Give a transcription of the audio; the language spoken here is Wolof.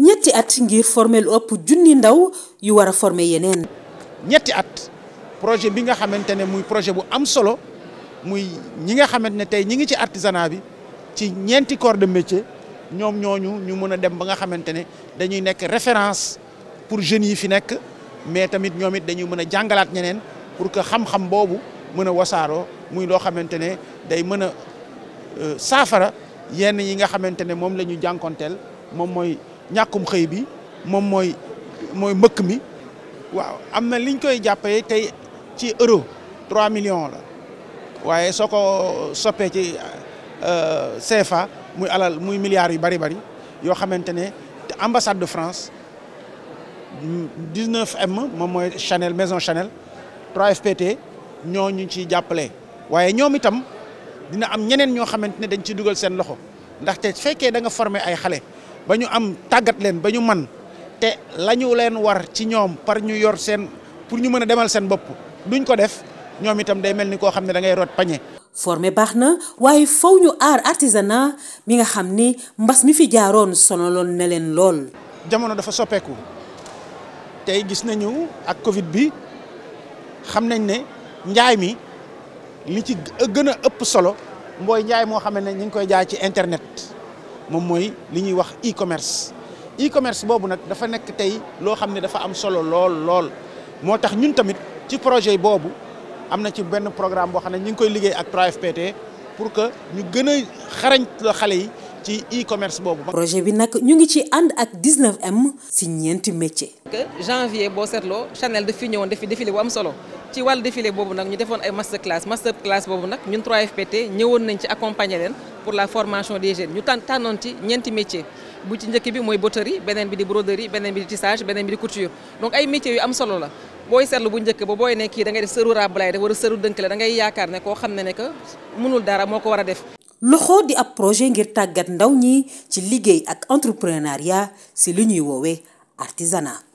ñetti at ngir former lu ëpp junni ndaw yu war a former yeneen. ñetti at projet bi nga xamante ne muy projet bu am solo muy ñi nga xamante ne tey ñi ngi ci artisanat bi ci ñeenti corps de métier ñoom ñooñu ñu mën a dem ba nga xamante ne dañuy nekk référence pour jeunes yi fi nekk mais tamit ñoom it dañuy mën a jàngalaat ñeneen pour que xam-xam boobu. mën a wasaaroo muy loo xamante ne day mën a euh, saafara yenn yi nga xamante ne moom la ñu jànkonteel moom mooy ñàkkum xëy bi moom mooy mooy mbëkk mi waaw am na liñ koy jàppee tey ci euro 3 millions la waaye soo ko soppee ci euh, CFA muy alal muy milliards yu bari bari yoo xamante ne te ambassade de France 19M moom mooy Chanel maison Chanel 3FPT ñoo ñu ciy jàppale waaye ñoom itam dina am ñeneen ñoo xamante ne dañ ci dugal seen loxo ndaxte su fekkee da nga former ay xale ba ñu am tàggat leen ba ñu man te la ñu leen war ci ñoom par ñu yor seen pour ñu mën a demal seen bopp duñ ko def ñoom itam day mel ni koo xam ne da ngay root pañe. formé baax na waaye faw ñu aar artisanat mi nga xam ni mbas mi fi jaaroon sonaloon ne leen lool. jamono dafa soppeeku tey gis nañu ak Covid bi xam nañ ne. njaay mi li ci gën a ëpp solo mooy njaay moo xam ne ñu ngi koy jaay ci internet moom mooy li ñuy wax e-commerce e-commerce boobu nag dafa nekk tey loo xam ne dafa am solo lool lool moo tax ñun tamit ci projet boobu am na ci benn programme boo xam ne ñu ngi koy liggéey ak 3FPT pour que ñu gën a xarañ xale yi ci e-commerce boobu. projet bi nag ñu ngi ci ànd ak 19M si ñeenti métier. que janvier boo seetloo Chanel daf fi ñëwoon daf fi bu am solo. ci wàllu défilé boobu nag ñu defoon ay master class master class boobu nag ñun 3FPT ñëwoon nañ ci accompagner leen pour la formation des jeunes ñu tàn tànnoon ci ñeenti métier bu ci njëkk bi mooy bouterie beneen bi di broderie beneen bi di tissage beneen bi di couture donc ay métiers yu am solo la booy seetlu bu njëkk ba booy ne kii da ngay def sëru rabalaay def wala sëru dënkale da ngay yaakaar ne koo xam ne ne que mënul dara moo ko war def loxo di ab projet ngir tàggat ndaw ñi ci liggéey ak entrepreneuriat si lu ñuy woowee artisanat